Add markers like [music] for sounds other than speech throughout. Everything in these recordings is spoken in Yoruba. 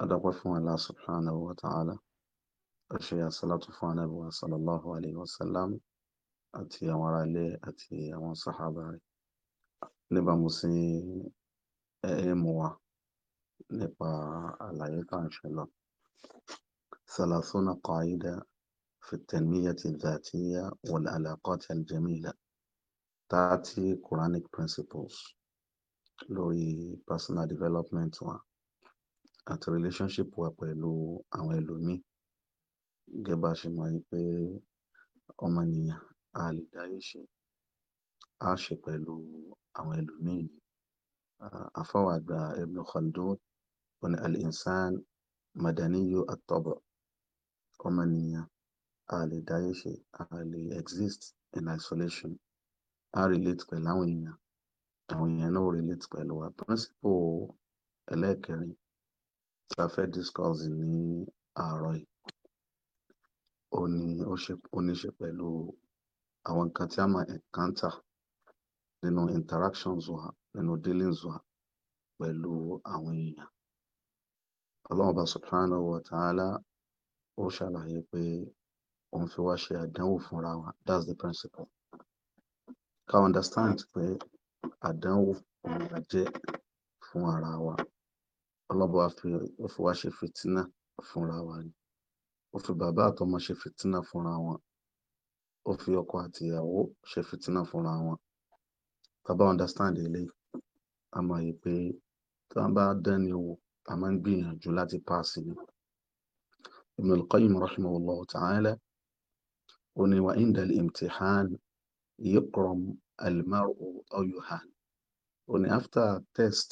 الغفو الله سبحانه وتعالى أشياء صلاة فانه صلى الله عليه وسلم أتي أمر عليه أتي أمر صحابة نبا مسين أموا نبا على إن شاء الله ثلاثون قاعدة في التنمية الذاتية والعلاقات الجميلة تأتي Quranic principles لوي personal development one àti relationship wa pẹ̀lú àwọn ẹlòmíì. Gẹ́gẹ́ bá ṣe mọ̀ wípé ọmọ ènìyàn a lè dáyé ṣe, a ṣe pẹ̀lú àwọn ẹlòmíì. Àfá wa àgbà Ibn Khaldun ó "Al-Insan Madaniyu at-Tab'." Ọmọ ènìyàn a lè dáyé ṣe, a lè exist in isolation. A relate pẹ̀lú àwọn èèyàn, àwọn èèyàn náà ó relate pẹ̀lú wa. Principle ẹlẹ́ẹ̀kẹrin tá a fẹ́ discuss ní àárọ̀ yìí ó ní ó ṣe ó ní ṣe pẹ̀lú àwọn nǹkan tí a máa encounter nínú interactions wa nínú dealings wa pẹ̀lú àwọn èèyàn ọlọ́run bá subhanahu wa ta'ala ó ṣàlàyé pé òun fi wá ṣe àdánwò fúnra wa that's the principle ká understand pé àdánwò òun jẹ́ fún ara wa ọlọ́ba ó fi wá ṣe fìtínà fúnra wa ni ó fi bàbá àtọmọ ṣe fìtínà fúnra wọn ó fi ọkọ àti ìyàwó ṣe fìtínà fúnra wọn bàbá understand eléyìí a mọ̀ yìí pé tí wọ́n bá dẹ́ni wò a máa ń gbìyànjú láti paasi ni Ibn al-Qayyim rahimahullah ta'ala ó ní wa inda al-imtihan yukram al-mar'u aw yuhan ó ní after test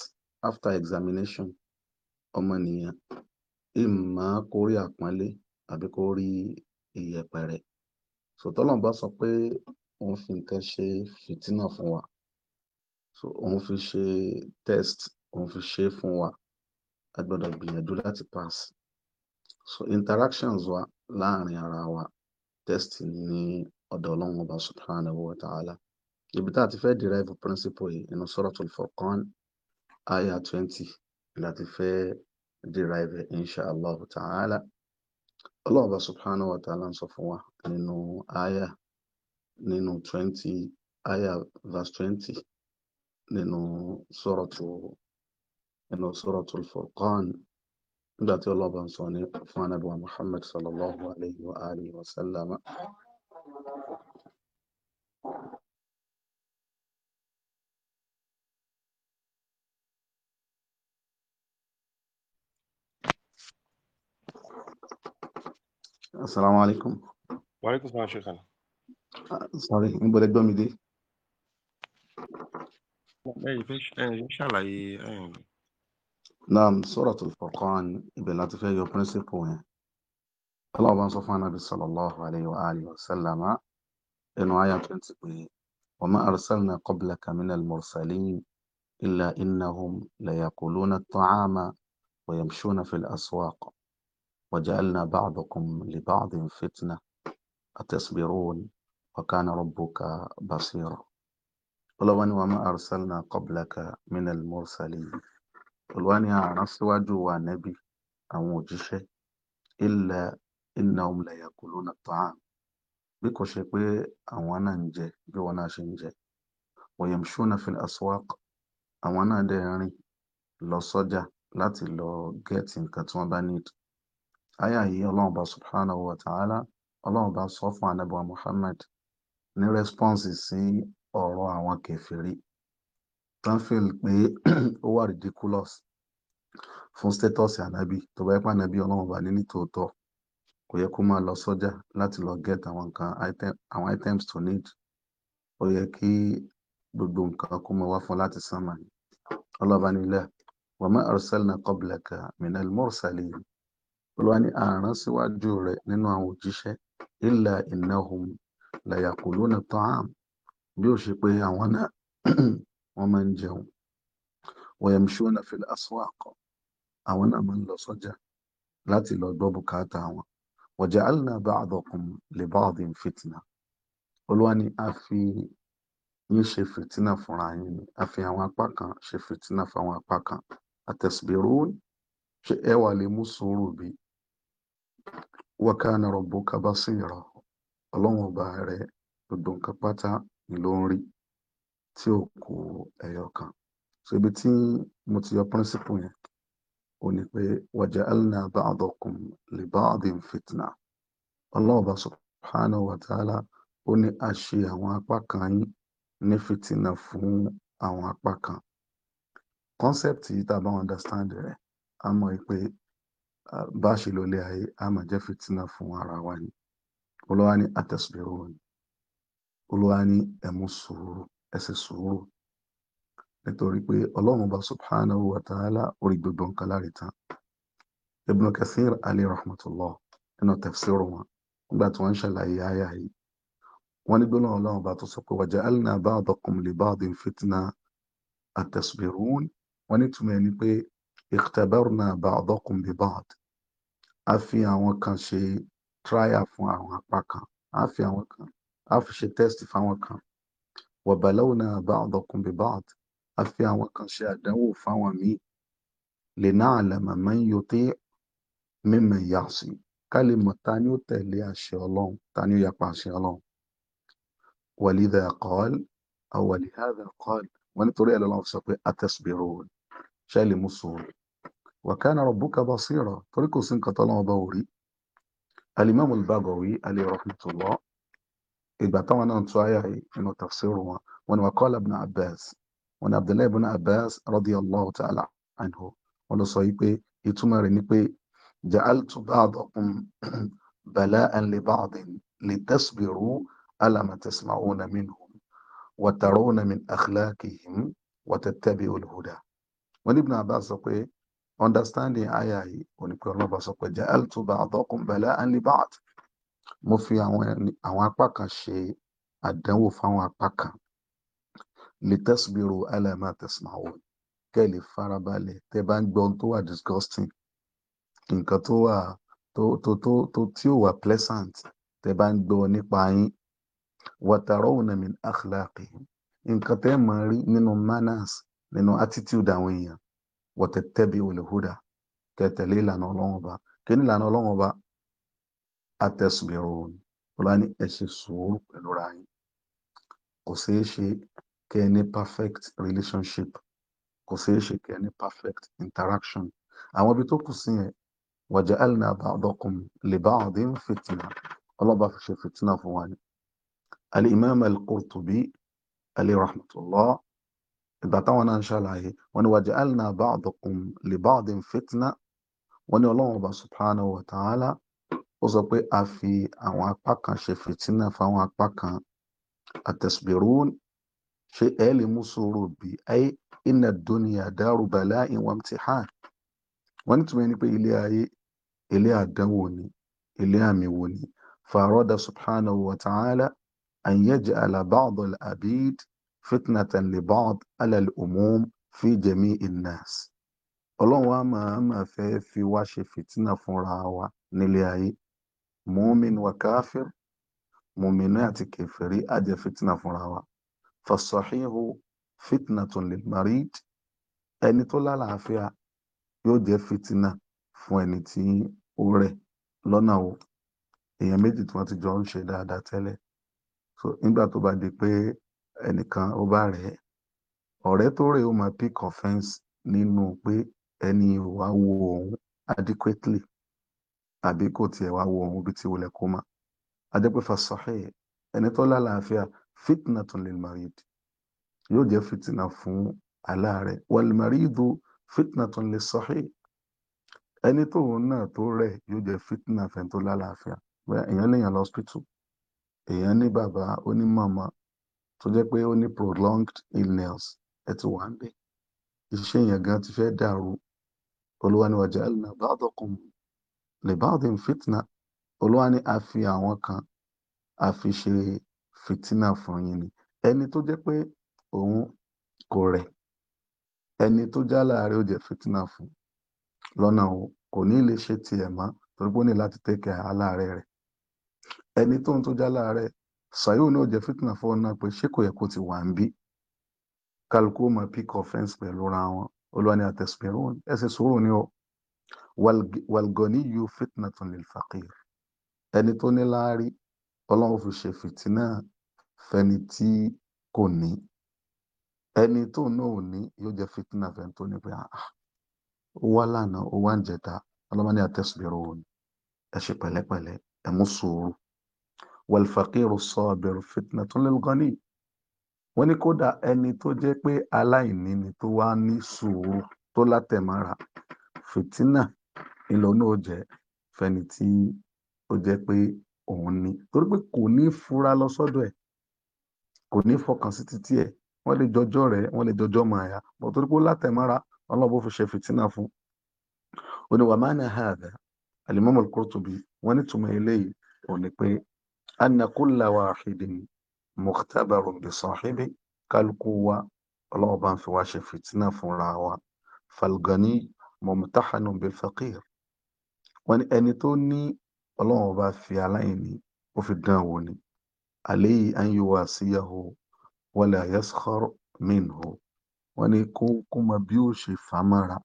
after examination ọmọnìyàn ìmọ̀ kó rí àpọ́nlé àbí kó rí ìyẹpẹrẹ so tọ́lọ́run bá sọ pé òun fi nǹkan ṣe fìtínà fún wa so òun fi ṣe test òun fi ṣe fún wa a gbọ́dọ̀ gbìyànjú láti pass so interactions wa láàrin ara wa test ní ọ̀dọ̀ Ọlọ́run ọba subhanahu wa ta'ala ibi tá a ti fẹ́ derive principle yìí nínú Suratul Furqan aya twenty láti fẹ́ derive insha allah ta'ala ọlọ́run bá subhanahu wa ta'ala ń sọ fún wa nínú aya nínú 20 aya verse 20 nínú suratu nínú suratu al-furqan nígbà tí ọlọ́run bá ń sọ ní fún anábíwá muhammad sallallahu alayhi wa alihi السلام عليكم وعليكم السلام يا شيخ انا صحيح نبغى نبدا من دي إيه، إيه، نعم سورة الفرقان بلاتي فيها جو برنسيبو الله بان صفى النبي صلى الله عليه وآله وسلم إنه آية برنسيبو وما أرسلنا قبلك من المرسلين إلا إنهم ليقولون الطعام ويمشون في الأسواق وجعلنا بعضكم لبعض فتنة أتصبرون وكان ربك بصيرا ọlọ́wọ́n ni wọ́n máa arsalna qablaka minal mursalin olùwà ni àrán síwájú wa nẹ́bí àwọn òjíṣẹ́ illa innahum la yakuluna ta'am bí kò ṣe pé àwọn náà ń jẹ bí wọn náà ṣe ń jẹ wa yamshuna fil aswaq àwọn náà dẹ̀ rìn lọ sọ́jà láti lọ gẹ́ẹ̀tì nǹkan tí wọ́n bá nídìí àyà yìí ọlọ́run bá subhanahu wa ta'ala ọlọ́run bá sọ fún anabi wa muhammad ní rẹ́spọ́nsì sí ọ̀rọ̀ àwọn kẹfìrí tán fìl pé [clears throat] ó wà ridiculous fún status anabi tó bá yẹ pé anabi ọlọ́run bá ní nítòótọ́ kò yẹ kó máa lọ sọ́jà láti lọ get àwọn nǹkan àwọn items to need ó yẹ kí gbogbo nǹkan kó máa wá fún láti sánmà ọlọ́ba nílẹ̀ wa ma arsalna qablaka minal mursalin olúwa ní àrán síwájú rẹ̀ nínú àwọn òjíṣẹ́ illa innahum la yaquluna ta'am bí ó ṣe pé àwọn náà [clears throat] wọ́n máa ń jẹun wa yamshuna fil aswaq àwọn náà máa ń lọ sọ́jà láti lọ gbọ́ bùkátà wọn wa ja'alna ba'dakum li ba'din fitna olúwa ní a fi yín ṣe fìtínà fúnra yín ni a fi àwọn apá kan ṣe fìtínà fáwọn apá kan àtẹ̀sìbẹ̀rún ṣe ẹ lè mú sùúrù bíi wakana rabbuka basira ọlọ́run ọba rẹ gbogbo nǹkan pátá ló ń rí tí ò kù ẹyọ kan so ibi tí mo ti yọ píríncípù yẹn ò ní pé waja'alna fitna ọlọ́run ọba subhanahu wa ó ní a ṣe àwọn apá kan yín ní fún àwọn apá kan yìí tá a bá bá a ṣe lò lé ayé a máa jẹ́ fìtínà fún ara wa ni olúwa ní àtẹ̀sùlérò ni olúwa ní ẹ̀mú sùúrù ẹ̀sẹ̀ sùúrù nítorí pé ọlọ́run bá subhanahu wa ta'ala orí gbogbo nǹkan láre tán Ibn Kathir alayhi rahmatullah nínú tafsiru wọn nígbà tí wọ́n ń ṣàlàyé ayá yìí wọ́n ní gbólóhùn ọlọ́run bá tó sọ pé waja'alna ba'dakum li ba'din fitna àtẹ̀sùlérò wọn ní túmọ̀ ẹni pé ìtẹ̀bẹ́rùnà bàdọ́kùn bíbáàd a fi àwọn kan ṣe trial fún àwọn apá kan a fi àwọn kan a fi ṣe test fáwọn kan wàbàlẹ́wùnà bàdọ́kùn bíbáàd a fi àwọn kan ṣe àdánwò fáwọn míì lè náà lẹ́mọ̀ mọ́ ń yọtí mímọ̀ yàsí ká lè mọ̀ ta ni ó tẹ̀lé àṣẹ ọlọ́run ta ni ó yapa àṣẹ ọlọ́run wàlídà kọ́ọ́l àwàlíhàdà kọ́ọ́l wọn nítorí ẹ̀ lọ́lọ́run sọ pé atẹ́sibẹ̀rọ̀ ṣẹ́ẹ̀lì mú sùúrù. وكان ربك بصيرا طريق سنك طالما بوري الإمام البغوي عليه رحمه الله إذا طبعا نتوعي إنه تفسيره وأنا وقال ابن عباس وأنا عبد الله بن عباس رضي الله تعالى عنه وأنا صحيح ìtumọ̀ rẹ̀ ni pé ja'altu ba'dakum bala'an li ba'din litasbiru ala ma tasma'una minhum wa tarawna min akhlaqihim wa understanding àyà yìí onípe ọlọ́ba sọ pé ja'altu ba'dakum bala'an li ba'd mo fi àwọn apá kan ṣe àdánwò fáwọn apá kan litasbiru ala ma tasma'un kẹ́ lè farabalẹ̀ tẹ́ bá ń gbọ́ tó wà disgusting nǹkan tó wà tó tó tó tó tí ò wà pleasant tẹ́ bá ń gbọ́ nípa yín wa tarawna min akhlaqihim nǹkan tẹ́ mọ̀ rí nínú manners nínú attitude àwọn èèyàn watattabi'ul huda kẹtẹ̀lé ìlànà ọlọ́run ọba kí ni ìlànà ọlọ́run ọba atasbirun ọlá ní ẹ ṣe sùúrù pẹ̀lú ra yín kò ṣeé ṣe kẹ ẹ ní perfect relationship kò ṣeé ṣe kẹ ní perfect interaction àwọn ibi tó kù sí yẹn waja'alna ba'dakum li ba'din fìtìnà ọlọ́ba fi ṣe fìtìnà fún wa ni al-imam al ìgbà táwọn náà ń ṣàlàyé wọn ni waja'alna ba'dakum li ba'din fitna wọn ni ọlọ́run ọba subhanahu wa ta'ala ó sọ pé a fi àwọn apá kan ṣe fìtínà fáwọn apá kan atasbirun ṣe ẹ lè mú sùúrù bí ayé inna dunya daru bala'in wa imtihan wọn ní tùmọ̀ ẹni pé ilé ayé ilé àdánwò ni ilé àmì wò ni farada subhanahu wa ta'ala an yaj'ala ba'd fitnah liba'd على الأموم في جميع الناس. an-nas ọlọ́run wa máa máa fẹ́ fi wá ṣe fìtínà fúnra wa nílé ayé mu'min wa káfíìr mu'minu àti kẹfẹ́rí á jẹ́ fìtínà fúnra wa fasahihu fitnatun lil marid ẹni tó lálàáfíà yóò jẹ́ fìtínà fún ẹni tí ó rẹ̀ lọ́nà wo èèyàn méjì tí wọ́n ti jọ ń ṣe dáadáa tẹ́lẹ̀ so nígbà tó bá di pé ẹnìkan ó bá rẹ̀ ẹ́ ọ̀rẹ́ tó rẹ̀ ó máa pick offence nínú pé ẹni wá wo òun adequately àbí kò tiẹ̀ wá wo òun bí ti wọlé kó má adépẹ́fà sahih ẹni tó lálàáfíà fitnatun lil marid yóò jẹ́ fitna fún aláàrẹ̀ wal maridu fitnatun lis sahih ẹni tóun náà tó rẹ̀ yóò jẹ́ fitna fẹ́ tó lálàáfíà bóyá èèyàn léèyàn lọ hospital èèyàn ní bàbá ó ní màmá tó jẹ́ pé ó ní prolonged illness ẹ ti wà ń bẹ̀ iṣẹ́ yẹn gan ti fẹ́ dàrú olúwa ni wàjà alìnà ba'dakum li ba'din fitna olúwa ni a fi àwọn kan a fi ṣe fìtínà fún yín ni ẹni tó jẹ́ pé òun kò rẹ̀ ẹni tó já láàárẹ̀ ó jẹ́ fìtínà fún lọ́nà o kò ní lè ṣe tiẹ̀ mọ́ torí pé ó ní láti tẹkẹ aláàárẹ̀ rẹ̀ ẹni tó tó já láàárẹ̀ sàyẹ̀wò náà jẹ́ fìtínà fọ́ náà pé ṣé kò yẹ kó ti wà ń bí kálukú máa pick offence pẹ̀lú ra wọn olúwa ni àtẹ̀sùmẹ̀rún ẹ ṣe ni o wàlgọ́ní yóò fìtínà tún lè fàkìr ẹni tó ní láárí ọlọ́run fi ṣe fìtínà fẹni tí kò ní ẹni tó náà ò ní yóò jẹ́ fìtínà fẹni tó ní pé ah, ah, ó wá lánàá ó wá ń jẹta ọlọ́run ni àtẹ̀sùmẹ̀rún ẹ ṣe pẹ̀lẹ́pẹ̀lẹ́ ẹ mú sùúrù. والفقير الصابر fìtínà tó lẹ́lùgọ́nì wọ́n ní kódà ẹni tó jẹ́ pé aláìní ni tó wá ní sùúrù tó látẹ̀mára fìtínà ìlọ́nà ó jẹ́ fẹni tí ó jẹ́ pé òun ni torí pé kò ní fura lọ sọ́dọ̀ ẹ̀ kò ní fọkàn sí títí ẹ̀ wọ́n lè jọjọ́ rẹ̀ wọ́n lè jọjọ́ mọ̀ ẹ̀yà bọ̀ torí pé ó látẹ̀mára ọlọ́bó fi ṣe fìtínà fún un ó ní wàmánà hàdà wọ́n ní túmọ̀ eléyìí anna kulla wahidin mukhtabarun bi sahibi kálukú wa ọlọ́run bá ń fi wá ṣe fìtínà fúnra wa falgani mumtahanun bil faqir wọ́n ní ẹni tó ní ọlọ́run bá fi aláìní ó fi dán wò ni àléyìí an yuwasiyahu wala yaskhar minhu wọ́n ní kó kó mọ bí ó ṣe fàmára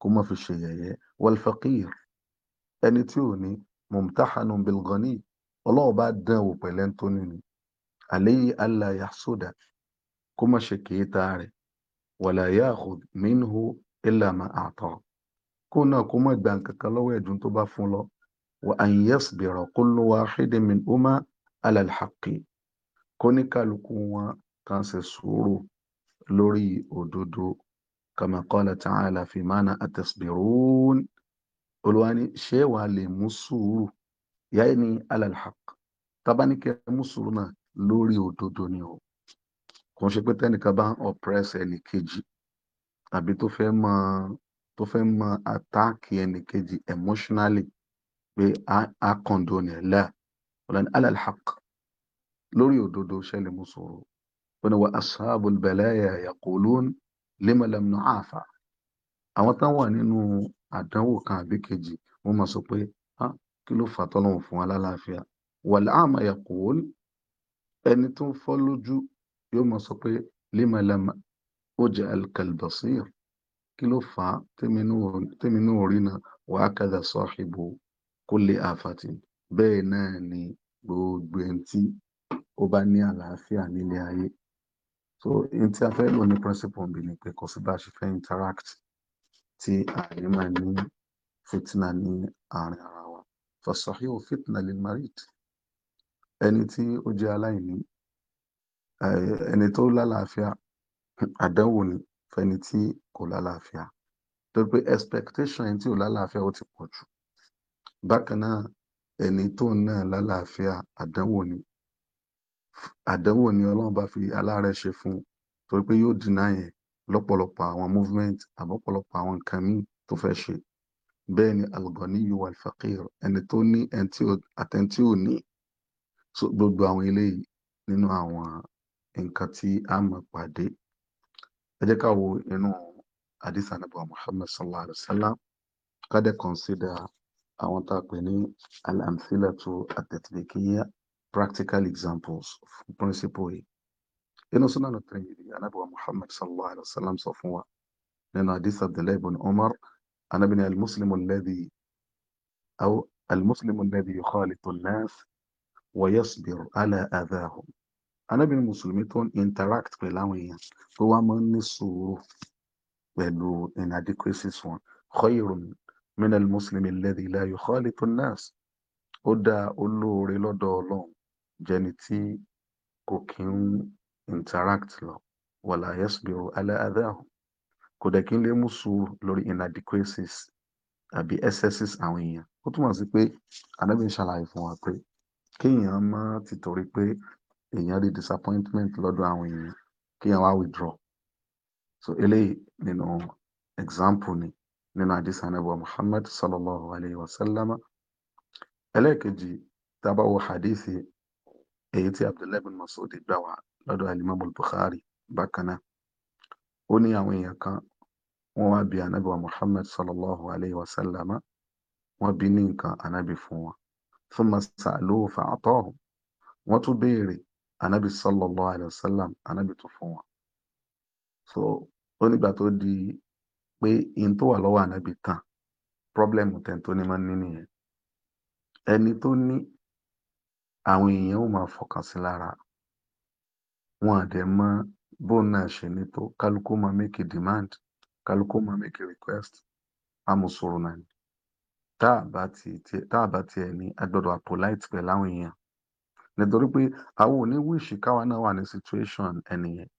kó mọ fi ṣe yẹ̀yẹ́ wal faqir ẹni tí ò ní mumtahanun bil ghani ọlọ́run bá dán wò pẹ̀lẹ́ tó nínú àléyé aláya sódà kó má ṣe kéétà rẹ̀ wàlà yáàkù mínú ìlànà àtọ̀ kó náà kó má gba nǹkan kan lọ́wọ́ ẹ̀dùn tó bá fún lọ wà á yẹ́sì bẹ̀rọ̀ kó ló wá ṣídìmí ó má alàlhàkì kó ní kálukú wọn kan ṣe sùúrù lórí òdodo kama qala ta'ala fi mana atasbirun olùwani ṣé wàá lè mú sùúrù ya'ni ala al-haq tabaníkẹ́ mùsùlùmí náà lórí òdodo ni o kò ń ṣe pé tẹ́nìkan bá ń oppress ẹnì kejì àbí tó fẹ́ mọ tó fẹ́ mọ àtáàkì ẹnì kejì emotionally pé a condone ẹ̀ láà ọ̀làní ala al-haq lórí òdodo ṣẹlẹ̀ mùsùlùmí wọn ni wa ashabul balaya yaqulun lima lam àwọn tán wà nínú àdánwò kan àbí kejì wọ́n máa sọ pé kí ló fà tọ́lọ́run fún wa lálàáfíà wàlẹ àmà yaqul ẹni tó ń fọ́ lójú yóò mọ sọ pé limalama uj'al kalbasir kí ló fà á tẹmí inú orí náà wàá kàdà sahibu kulli afatin bẹ́ẹ̀ náà ni gbogbo ẹni tí ó bá ní àlàáfíà nílé ayé so n tí a fẹ́ lò ní principle bí ni pé kò sí bá a ṣe fẹ́ interact tí àyè máa ní fìtínà ní àárín ara wa fasahihu fitna lil marid ẹni tí ó jẹ́ aláìní ẹni tó lálàáfíà àdánwò ni fẹ́ni tí kò lálàáfíà torí pé expectation ẹni tí ò lálàáfíà ó ti pọ̀ jù bákan náà ẹni tó náà lálàáfíà àdánwò ni àdánwò ni Ọlọ́run bá fi aláàárẹ̀ ṣe fún torí pé yóò dínà yẹn lọ́pọ̀lọpọ̀ àwọn movement àbọ̀pọ̀lọpọ̀ àwọn nǹkan míì tó fẹ́ ṣe bẹ́ẹ̀ ni algoniyu wal faqir ẹni tó ní àtẹni tí ò ní gbogbo àwọn eléyìí nínú àwọn nǹkan tí a máa pàdé ẹ jẹ́ ká wo inú hadith Ànábì Muhammad sallallahu alaihi wa sallam ká dẹ̀ consider àwọn tá a pè ní al-amthilatu at practical examples fún principle yìí inú Sunan Tirmidhi Ànábì Muhammad sallallahu alaihi wa sallam sọ fún wa nínú hadith Abdullahi ibn Umar. أنا بني المسلم الذي أو المسلم الذي يخالط الناس ويصبر على أذاهم أنا بني المسلمين تون interact pẹ̀lú àwọn èèyàn tó wá máa ń ní sùúrù pẹ̀lú inadequacies wọn خير من المسلم الذي لا يخالط الناس ó dá olóore lọ́dọ̀ ọlọ́run jẹni tí kò kí ń interact lọ wala yasbiru ala adahum kò dẹ̀ kí n lè mú sùúrù lórí inadequacies àbí excesses àwọn èèyàn ó túmọ̀ sí pé anábì ń ṣàlàyé fún wa pé kéèyàn má ti torí pé èèyàn rí disappointment lọ́dọ̀ àwọn èèyàn kéèyàn wá withdraw so eléyìí nínú example ni nínú àdìsí anábì wa Muhammad sallallahu alayhi wa sallam ẹlẹ́ẹ̀kejì tábàwọ̀ hadithi èyí tí Abdullahi bin Mas'ud gbà wá lọ́dọ̀ alimami Bukhari bákan náà ó ní àwọn èèyàn kan wọn wá bi anabi wa muhammad sallallahu alayhi wa sallama wọn bi ní nǹkan anabi fún wọn thumma sa'aluhu fa'atahu wọn tún béèrè anabi sallallahu alayhi wa sallam anabi tún fún wọn so ó nígbà tó di pé in tó wà lọ́wọ́ anabi tán pírọ́blẹ́mù tẹ̀ tó ní máa ní nìyẹn ẹni tó ní àwọn èèyàn ò máa fọkàn sí lára wọn àdẹ mọ bóun náà ṣe ní tó kálukú máa make a demand kálukú máa make a request Amusoro náà ni tá a bá ti tá a bá ti ẹ̀ ní a gbọ́dọ̀ polite pẹ̀lú àwọn èèyàn nítorí pé àwọn ò ní wíṣì káwa náà wà ní situation ẹnìyẹn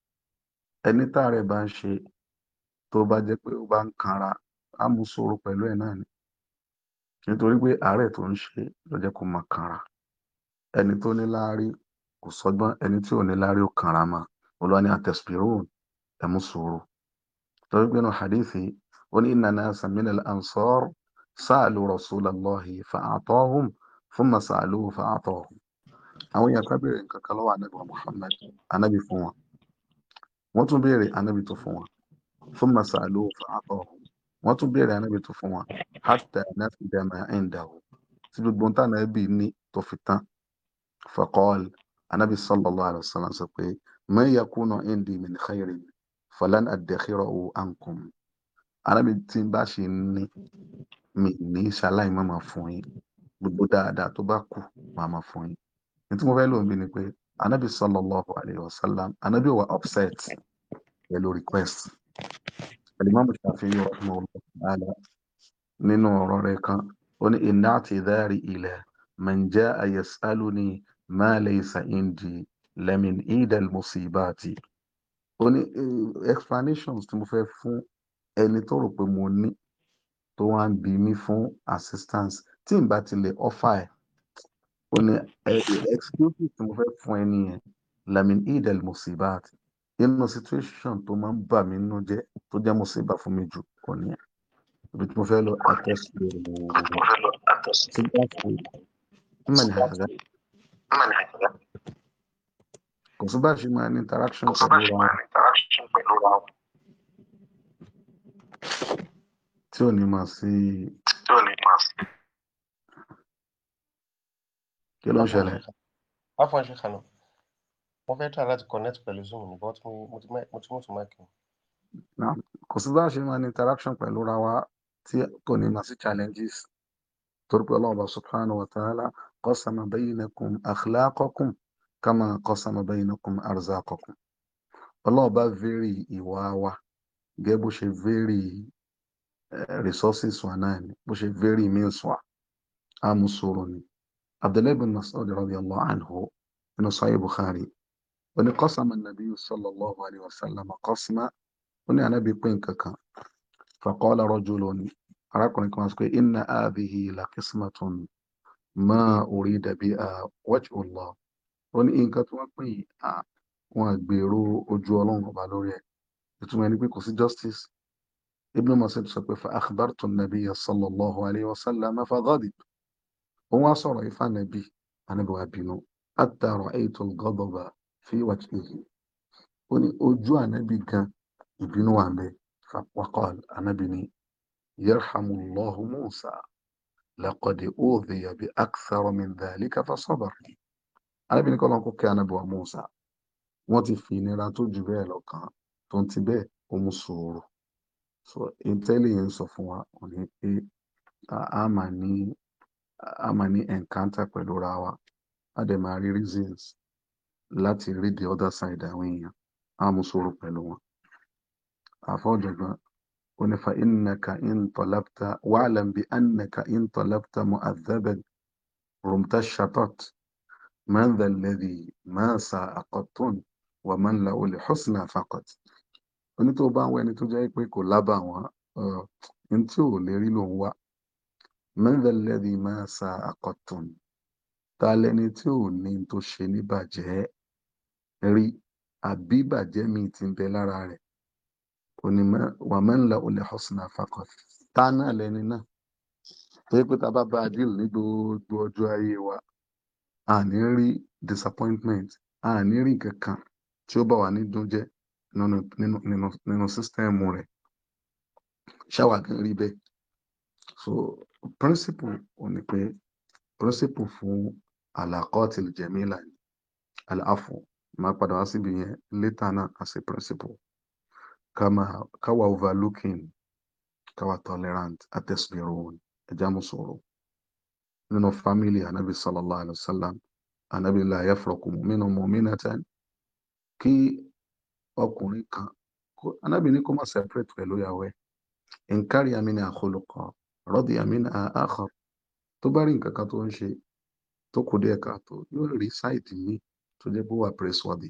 ẹni tá a rẹ̀ bá ń ṣe tó bá jẹ́ pé ó bá ń kanra àmùsùrù pẹ̀lú ẹ̀ náà ni nítorí pé àárẹ̀ tó ń ṣe ló jẹ́ kó máa kanra ẹni tó ní láárí kò sọ́gbọ́n ẹni tí ò ní láárí ó kanra mọ́ olúwa ní àtẹ̀sípírò ẹ̀mú sòrò torí pé nínú hadithi ó ní inna nasan min al-ansar sa'alu rasulallahi fa'atahum thumma sa'aluhu fa'atahum àwọn èèyàn kan béèrè nǹkan kan lọ́wọ́ anábì muhammad anábì fún wọn wọ́n tún béèrè anábì tó fún wọn thumma sa'aluhu fa'atahum wọ́n tún béèrè anábì tó fún wọn hatta nafida ma indahu tí gbogbo nǹkan anábì ní tó fi tán faqal anábì sallallahu alaihi wasallam sọ pé ma yakunu indi min khairin falan adẹ̀kírọ̀ ankum arábì tí n bá ṣe ní mi ní ṣaláì má máa fún yín gbogbo dáadáa tó bá kù máa máa fún yín ní tí mo fẹ́ lò ń bí ni pé anabi sallallahu alayhi wa sallam anabi wa upset pẹ̀lú request alimami shafi'i rahimahullah ta'ala nínú ọ̀rọ̀ rẹ̀ kan ó ní iná àti ìdárí ilẹ̀ man jaa yas'aluni ma laysa indi lamin idal musibati ó ní explanations tí mo fẹ́ fún ẹni tó rò pé mo ní tó wá ń bi mí fún assistance tí n bá tilẹ̀ offer ẹ̀ ó ní excuses tí mo fẹ́ fún ẹni yẹn lamin idel musibat inú situation tó máa ń bà mí nínú jẹ́ tó jẹ́ musiba fún mi jù kò ní ẹ̀ ibi tí mo fẹ́ lọ àtọ́sí rẹ̀ tí bá fún un kò sí bá ṣe máa ní interaction with the tí ò ní máa sí kí ló ń ṣẹlẹ̀. afọ ṣe kànú mo fẹ́ try láti connect pẹ̀lú zoom ni but mo ti mú to mic. kò sí bá ṣe máa ní interaction pẹ̀lú ra wa tí kò ní máa sí challenges torí pé Ọlọ́run subhanahu wa ta'ala qasama baynakum akhlaqakum kama qasama bainakum arzaqakum ọlọ́run bá vérì ìwà wa gẹ́gẹ́ bó ṣe vérì eh, resources wa náà ni bó ṣe vérì means wa amusoro ni abdullahi bin Mas'ud radiyallahu anhu inú sahih bukhari oní qasama nabiyu sallallahu alayhi wa sallam qasama oní anabi pé nkankan faqala rajulun arákùnrin kan sọ pé inna hadhihi la qismatun ma urida biha wajhullah ó ní nǹkan tí wọ́n pè yìí à wọn àgbèrò ojú ọlọ́run ọba lórí ẹ̀ ìtumọ̀ ẹni pé kò sí justice ibn Mas'ud sọ pé fa akhbartu nabiyya sallallahu alayhi wa sallam fa ghadib òun á sọ̀rọ̀ ifá nàbí ànábì wa bínú hatta ra'aytu al-ghadaba fi wajhihi ó ní ojú ànábì gan ìbínú wà mẹ́ faqala ànábì ni yarhamullahu Musa laqad udhiya bi akthar min dhalika fa sabara arábìnrin kọ́ lọ́nkọ́ kẹ́ anábìwá Musa wọ́n ti fi ìnira tó jù bẹ́ẹ̀ lọ tó ń ti bẹ́ẹ̀ ó mú sòrò so ìtẹ́lẹ̀ yẹn ń sọ fún wa ò ní pé a máa ní encounter pẹ̀lú ra wa a dẹ̀ máa rí reasons láti rí the other side àwọn èèyàn a mú sòrò pẹ̀lú wọn àfọ́jọ̀gbọ́n ó ní fa innaka in talabta wa'lam bi annaka in talabta mu'adhaban rumta shatat. من ذا الذي ما سأقطن ومن له الحسنى فقط ẹni tó bá ń wá ẹni tó jẹ́ pé kò lábà wọn ẹni tí ò lè rí lòun wá من ذا الذي ما سأقطن ta lẹni tí ò ní tó ṣe ní bàjẹ́ rí àbí bàjẹ́ mi ti ń bẹ lára rẹ̀ ومن له الحسنى فقط ta náà lẹni náà tó yẹ pé ta bá bá a dìlù ní gbogbo ọjọ́ ayé wa a ní rí disappointment a ní rí nǹkan kan tí ó bá wà ní dúnjẹ́ nínú nínú nínú nínú sísítẹ́ẹ̀mù rẹ̀ ṣáwà gan rí bẹ́ẹ̀ so principle ò ní pé principle fún àlàkọ́tìlì jẹ̀mílà ni àlàáfò máa padà wá síbi yẹn later náà as a principle kama káwa overlooking káwa tolerant àtẹ̀sùn ìròhìn ẹ̀já mú sọ̀rọ̀ nínú fámìlì anabi sallallahu alayhi wa sallam anabi la yafraku mu'minun mu'minatan kí ọkùnrin kan anabi ní kó má separate pẹ̀lú ìyàwó ẹ̀ in kariya minha khuluqan radiya minha akhar tó bá rí nǹkan kan tó ń ṣe tó kù díẹ̀ káàtó yóò rí sáìtì yìí tó jẹ́ bó wà praiseworthy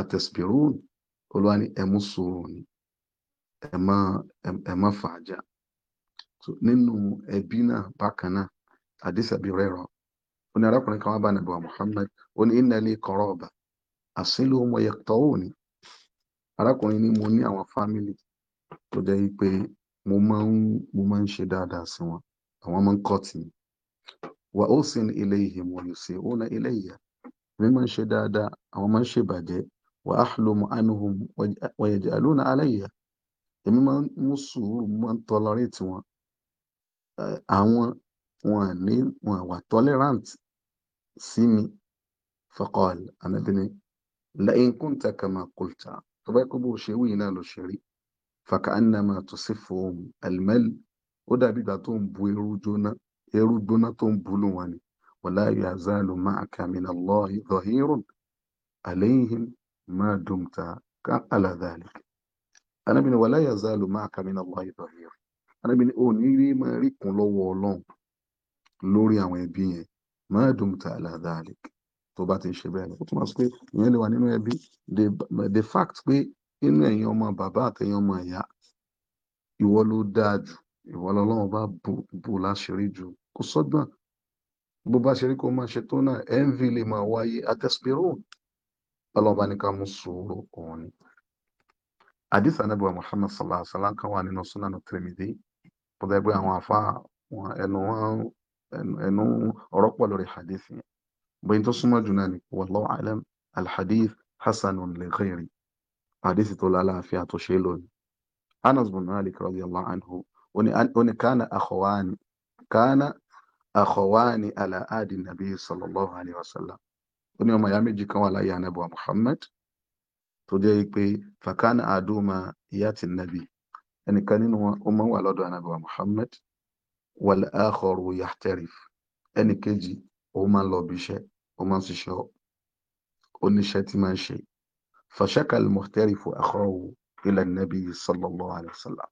àtẹ̀sìpìrún olúwa ní ẹ̀mú sùúrù ni ẹ̀ má fàájà nínú ẹbí náà bákan náà àdìsí àbí rẹ̀ rọ̀ ó ní arákùnrin kan wá bá nàbẹ̀wá Muhammad ó ní inna li qaraba asiluhum wa yaqta'uni arákùnrin ni mo ní àwọn fámìlì tó jẹ́ pé mo máa ń mo máa ń ṣe dáadáa sí wọn àwọn máa ń kọ́ tì mí wa usin ilayhim wa yusi'una ilayya mi máa ń ṣe dáadáa àwọn máa ń ṣèbàjẹ́ wa ahlumu anhum wa yaj'aluna alayya èmi máa ń mú sùúrù máa ń tọ́lọ́rẹ́ tiwọn àwọn wọn ní wọn wà tolerant sí mi faqal ànábì ní la'in kunta kama qulta tó bá kó bó ṣe wí náà ló ṣe rí fakaannama tusifuhum almal ó dàbí ìgbà tó ń bu eru jóná eru gbóná tó ń bu lù wọn ni wala yazalu ma'aka minallahi dhahirun alayhim ma dumta ala dhalik ànábì ní wala yazalu ma'aka minallahi dhahirun ànábì ní rí máa rí kun lọ́wọ́ ọlọ́run lórí àwọn ẹbí yẹn máa dùn tà aládàálẹ̀ tó bá ti ń ṣe bẹ́ẹ̀ lọ. ó túmọ̀ sí pé ìyẹn lè wà nínú ẹbí the fact pé inú ẹ̀yin ọmọ bàbá àtẹ̀yin ọmọ ìyá ìwọ ló dáa jù ìwọ lọ́lọ́run bá bù láṣìírí jù kò sọ́gbọ́n bó bá ṣe rí kó máa ṣe tó náà envy lè máa wáyé atẹ́sipirún ọlọ́ba ní ká mú sòrò òun ni. hadith Ànábì wa Muhammad sallallahu alaihi wa sallam kan wà nínú sunan Tirmidhi bọ́dọ̀ ẹgbẹ́ àwọn afá ẹnu wọn ẹnu ọ̀rọ̀ pọ̀ lórí hadith yẹn bóyá tó súnmọ́ jù náà ni wallahu alam alhadith hasanun li ghairi hadith tó lálàáfíà tó ṣe lónìí anas bin malik radiyallahu anhu ó ní kánà akhawani kánà akhawani ala adi nabi sallallahu alayhi wa sallam ó ní ọmọ ìyá méjì kan wà láyé anabuwa muhammad tó jẹ́ pé fakana aduma ìyá ti nabi ẹnìkan nínú wọn ó máa ń wà lọ́dọ̀ anabuwa muhammad wal akharu yahtarif ẹnì kejì òun máa ń lọ ibi iṣẹ́ ó máa ń ṣiṣẹ́ oníṣẹ́ tí máa ń ṣe fashaka al-muhtarifu akhahu ila an-nabi sallallahu alayhi wa sallam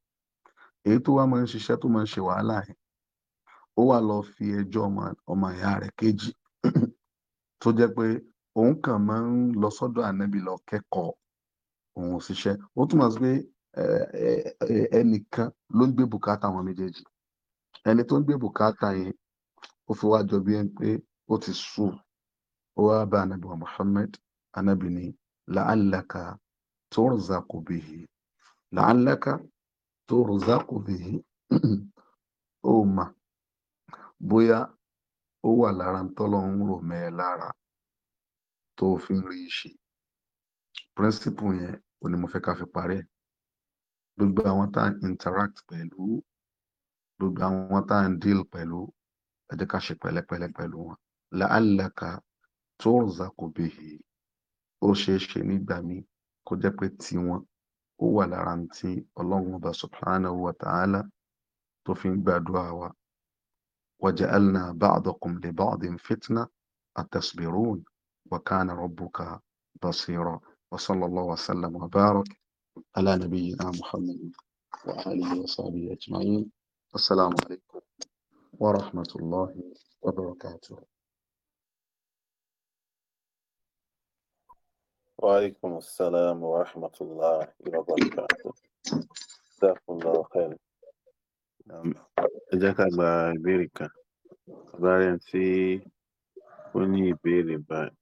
èyí tó wá máa ń ṣiṣẹ́ tó máa ń ṣe wàhálà yẹn ó wà lọ fi ẹjọ́ ọmọ ìyá rẹ̀ kejì tó jẹ́ pé òun kàn máa ń lọ sọ́dọ̀ ànábì lọ kẹ́kọ̀ọ́ òun ṣiṣẹ́ ó túmọ̀ sí pé ẹnìkan ló ń gbé bùkátà àwọn méjèèjì ẹni tó ń gbé bùkátà yẹn ó fi wá jọ bí ẹni pé ó ti sùn ó wá bá anabi wa muhammed anabi ni la'allaka turzaqu bihi la'allaka turzaqu bihi [clears throat] ó mà bóyá ó wà lára tọ́lọ́run rò mẹ́ lára tó fi ń rí i ṣe yẹn ò ní mo fẹ́ ká fi parí ẹ̀ gbogbo àwọn tá à interact pẹ̀lú gbogbo àwọn tá à ń díl pẹ̀lú ẹ jẹ́ ká ṣe pẹ̀lẹ́pẹ̀lẹ́ pẹ̀lú wọn làálàkà tó ń zakobèhì ó ṣeé ṣe nígbà míì kó jẹ́ pé tiwọn ó wà lára ti ọlọ́run ọba subhanahu wa ta'ala tó fi ń gbàdúrà wa waja'alna ba'dakum li ba'din fitna atasbirun wa kana rabbuka basira wa sallallahu wa sallam wa barak ala nabiyyina wa alihi wa sahbihi ajma'in السلام عليكم ورحمة الله وبركاته وعليكم السلام ورحمة الله وبركاته جزاك الله خير نعم. جزاك الله بركة بارك في كوني بيري بارك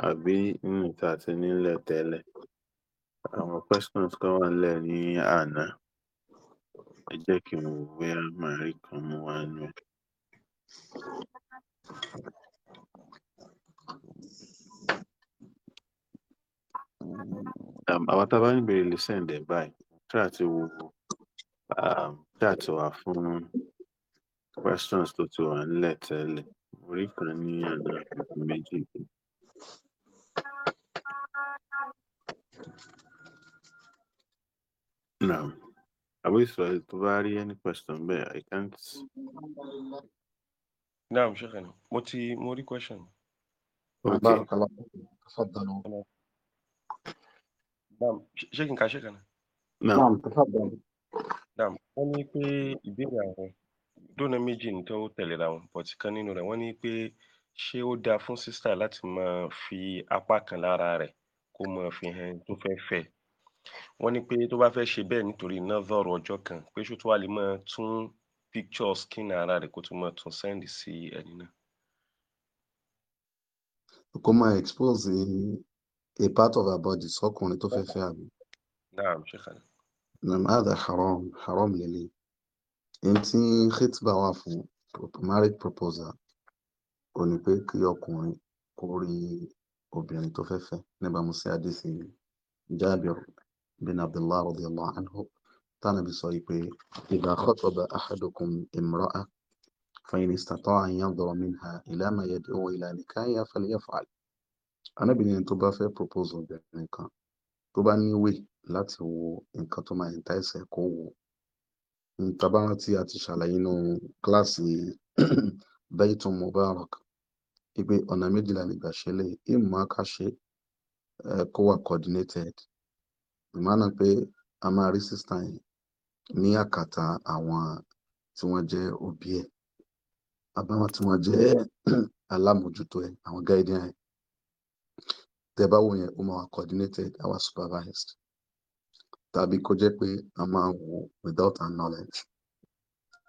أبي إن تعتني لتالي أما كشكو نسكوان ẹ jẹ́ kí n wò bóyá kan mú wá nú um, àwọn tá a bá ń béèrè lè báyìí ti wo um, ti wà fún questions tó ti wà nílẹ̀ tẹ́lẹ̀ orí kan ní àná méjì. No. Abu Israel tó bá rí any question bẹ́ẹ̀ I can't. Naam Sheikhana, mo ti mo rí question. Bárakàlá, tafaddalu. Naam, ṣé kí ka Sheikhana? Naam, tafaddalu. Naam, wọ́n ní pé ìbéèrè àwọn dóná méjì ní tó tẹ̀léra wọn, but kan nínú rẹ̀ wọ́n ní pé ṣé ó dáa fún sísá láti máa fi apá kan lára rẹ̀ kó máa fi hàn tó fẹ́ fẹ́ Wọ́n ní pé tó bá fẹ́ ṣe bẹ́ẹ̀ nítorí náfọ̀rù ọjọ́ kan pé ṣó tún wá lè máa tún picture skin ara rẹ̀ kó tún máa tún send sí ẹni náà. Kó máa expose a part of her body sọ́kùnrin tó fẹ́ fẹ́ àbí. Naam, Sheikhan. Naam, hada haram, haram lele. Ẹni tí khitba wà fún marriage proposal kò ní pé kí ọkùnrin kó rí obìnrin tó fẹ́ fẹ́ níbàámu sí àdìsí Jábìrù bin abdullah radiyallahu anhu tánàbí sọ pé idha khataba ahadukum imra'a fa in istata'a an yanzura minha ila ma yad'u ila nikahiha falyaf'al anábìnrin tó bá fẹ́ propose obìnrin kan tó bá ní wè láti wo nǹkan tó máa entice kó wo tabara tí a ti ṣàlàyé nínú kíláàsì [clears throat] Baytun Mubarak ipe ọ̀nà méjìlá nígbà ṣẹlẹ̀ ìmọ̀ ká ṣe kó wà coordinated ìmánà pé a máa rí sísá yìí ní àkàtà àwọn tí wọ́n jẹ́ òbí ẹ̀ àbáwọn tí wọ́n jẹ́ [clears throat] alámòjútó ẹ̀ àwọn guardian ẹ̀ tẹ́ yẹn ó máa wà coordinated our supervised tàbí kó jẹ́ pé a máa wò without our knowledge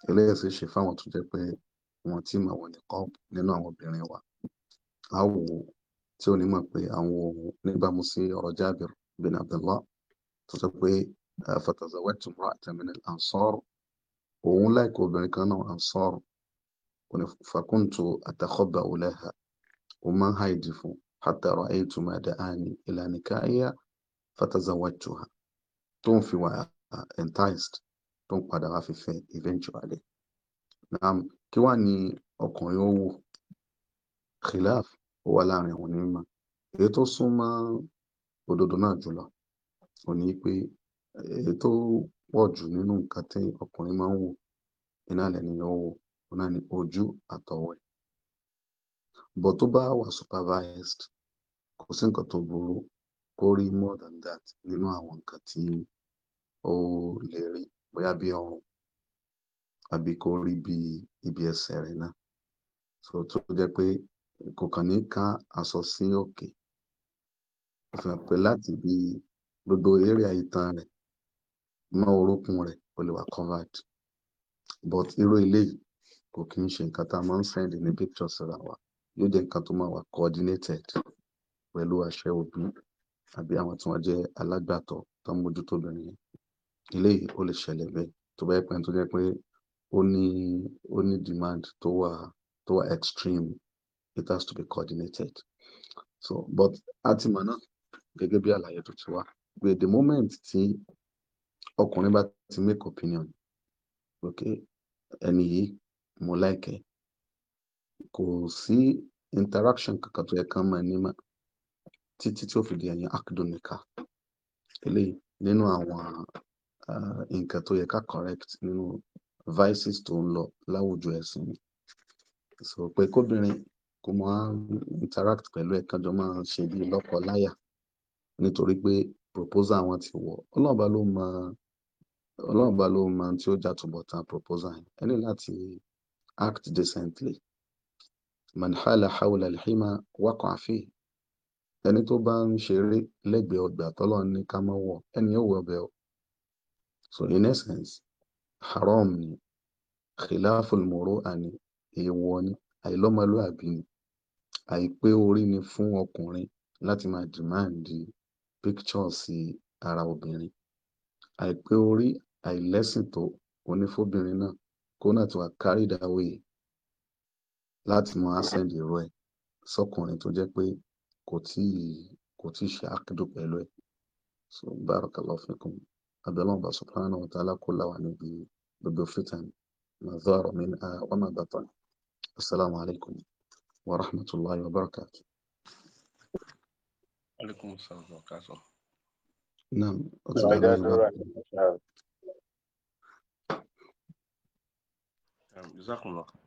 eléyìí sì ṣe fáwọn tó jẹ́ pé wọn tí mà wọ̀ nìkan nínú àwọn obìnrin wa a wò tí onímọ̀ pé àwọn òun níbàámu sí ọ̀rọ̀ Jábìr bin Abdullah tó sọ pé fatazawajtu imra'atan min al-ansar òun láìkó obìnrin kan náà ansar fakuntu atakhabba'u laha òun máa ń háìdì fún hatta ra'aytu ma da'ani ila nikahiha fatazawajtuha tó ń fi wà enticed tó ń padà wá fífẹ́ eventually. Naam, kí wá ní ọkùnrin ó wù? Khilaf ó wà láàrin àwọn onímọ̀. Èyí tó súnmọ́ òdodo náà jùlọ, ò ní pé èyí tó pọ̀ jù nínú nǹkan tí ọkùnrin máa ń wò iná lẹ́nìyàn wò òun náà ni ojú àtọwọ́ ẹ̀ tó bá wà supervised kò sí nǹkan tó burú kó rí more than that nínú àwọn nǹkan tí ó lè rí bóyá bí ọrùn àbí ibi ẹsẹ̀ rẹ̀ so tó jẹ́ pé kò kàn ní ká aṣọ sí òkè gbogbo area itan rẹ̀ mọ́ orúnkún rẹ̀ ó lè wà covered but irú eléyìí kò kí ń ṣe nǹkan tá a máa ń send ní pictures ra wa yóò jẹ́ nǹkan tó máa wà coordinated pẹ̀lú àṣẹ òbí àbí àwọn tí wọ́n jẹ́ alágbàtọ́ tó ń mójútó obìnrin yẹn eléyìí ó lè ṣẹlẹ̀ bẹ́ẹ̀ tó bá yẹ tó jẹ́ pé ó ní ó ní demand tó wà tó wà extreme it has to be coordinated so but a ti mọ̀ náà gẹ́gẹ́ bí àlàyé tó ti wá with the moment tí ọkùnrin bá ti make opinion ok ẹni yìí mo like kò sí interaction kankan tó yẹ kán máa ní mà títí tí ó fi di ẹ̀yìn akdonika eléyìí nínú àwọn nǹkan tó yẹ ká correct nínú vices tó ń lọ láwùjọ ẹ̀sìn so sọ pé kóbìnrin kó máa interact pẹ̀lú ẹ̀kan jọ máa ṣe bí lọ́kọ láyà nítorí pé proposal wọn ti wọ̀ ọlọ́run bá ló mọ ọlọ́run bá ló mọ tí ó jàtúbọ̀tán proposal yẹn ẹ láti act decently man hala hawla alhima waqa fi ẹni tó bá ń ṣeré lẹ́gbẹ̀ẹ́ ọgbà tọ́lọ́run ní ká má wọ̀ ẹni yóò wọ ọbẹ̀ o so in essence haram ni khilaful muru ani èèwọ̀ ni àìlọ́mọlúàbí ni àìpé orí ni fún ọkùnrin láti máa dìmáàndì píkṣọ̀sì ara obìnrin àìpé orí àìlẹ́sìn tó onífóbìnrin náà kó náà ti wà carried away láti máa send irú ẹ sọkùnrin tó jẹ́ pé kò tí kò tí ṣe ákídù pẹ̀lú ẹ so barakallahu fikum abẹ́lẹ́ ọba subhanahu wa ta'ala kó láwa níbi gbogbo fitan mazaro min a wa ma batan assalamu alaikum wa rahmatullahi wa barakatuh alaikum salam wa barakatuh نعم جزاكم الله